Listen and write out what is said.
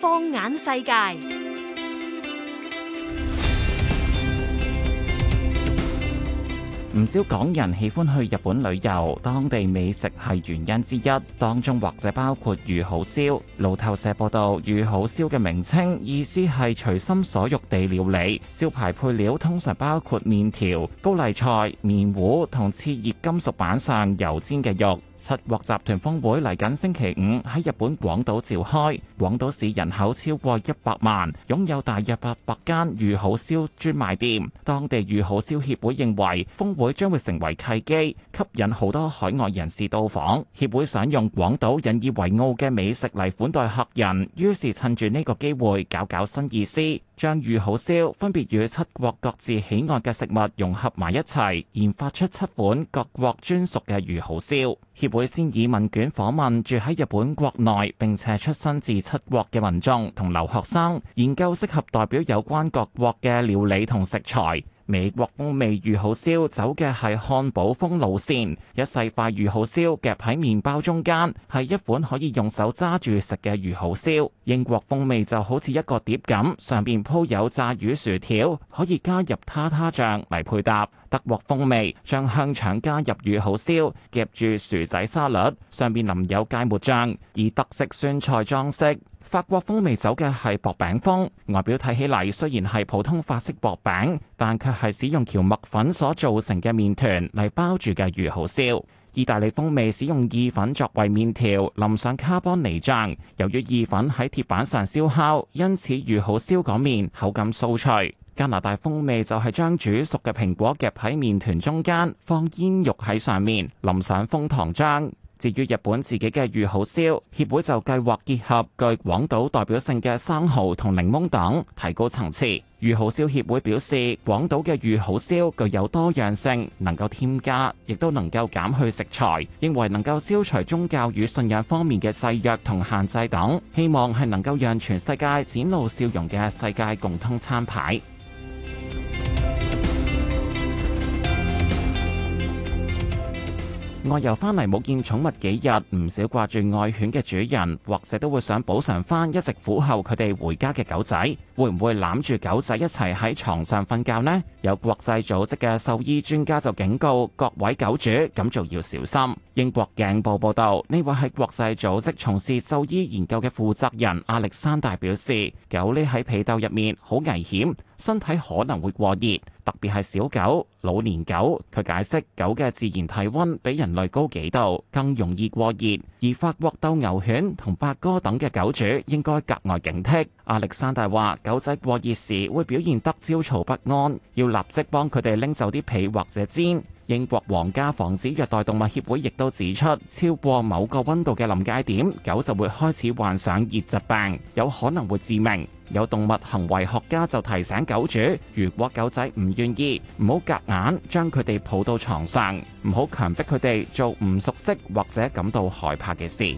放眼世界，唔少港人喜歡去日本旅遊，當地美食係原因之一。當中或者包括御好燒。路透社報道，御好燒嘅名稱意思係隨心所欲地料理，招牌配料通常包括麵條、高麗菜、麵糊同熾熱金屬板上油煎嘅肉。七國集團峰會嚟緊星期五喺日本廣島召開，廣島市人口超過一百萬，擁有大約八百間御好燒專賣店。當地御好燒協會認為，峰會將會成為契機，吸引好多海外人士到訪。協會想用廣島引以為傲嘅美食嚟款待客人，於是趁住呢個機會搞搞新意思。將御好燒分別與七國各自喜愛嘅食物融合埋一齊，研發出七款各國專屬嘅御好燒。協會先以問卷訪問住喺日本國內並且出身自七國嘅民眾同留學生，研究適合代表有關各國嘅料理同食材。美國風味御好燒，走嘅係漢堡風路線，一細塊御好燒夾喺麵包中間，係一款可以用手揸住食嘅御好燒。英國風味就好似一個碟咁，上邊鋪有炸魚薯條，可以加入他他醬嚟配搭。德國風味將香腸加入御好燒，夾住薯仔沙律，上邊淋有芥末醬，以特色酸菜裝飾。法國風味走嘅係薄餅風，外表睇起嚟雖然係普通法式薄餅，但卻係使用蕎麥粉所做成嘅麵團嚟包住嘅御好燒。意大利風味使用意粉作為麵條，淋上卡邦尼醬。由於意粉喺鐵板上燒烤，因此御好燒嗰面口感酥脆。加拿大風味就係將煮熟嘅蘋果夾喺麵團中間，放煙肉喺上面，淋上楓糖漿。至於日本自己嘅御好燒協會就計劃結合具廣島代表性嘅生蠔同檸檬等，提高層次。御好燒協會表示，廣島嘅御好燒具有多樣性，能夠添加，亦都能夠減去食材，認為能夠消除宗教與信仰方面嘅制約同限制等，希望係能夠讓全世界展露笑容嘅世界共通餐牌。外遊翻嚟冇見寵物幾日，唔少掛住愛犬嘅主人，或者都會想補償翻一直苦候佢哋回家嘅狗仔，會唔會攬住狗仔一齊喺床上瞓覺呢？有國際組織嘅獸醫專家就警告各位狗主，咁就要小心。英國鏡報報道，呢位係國際組織從事獸醫研究嘅負責人亞歷山大表示，狗匿喺被竇入面好危險。身體可能會過熱，特別係小狗、老年狗。佢解釋狗嘅自然體溫比人類高幾度，更容易過熱。而法國鬥牛犬同八哥等嘅狗主應該格外警惕。亞歷山大話：狗仔過熱時會表現得焦躁不安，要立即幫佢哋拎走啲被或者氈。英國皇家防止虐待動物協會亦都指出，超過某個温度嘅臨界點，狗就會開始患上熱疾病，有可能會致命。有動物行為學家就提醒狗主，如果狗仔唔願意，唔好夾硬將佢哋抱到床上，唔好強迫佢哋做唔熟悉或者感到害怕嘅事。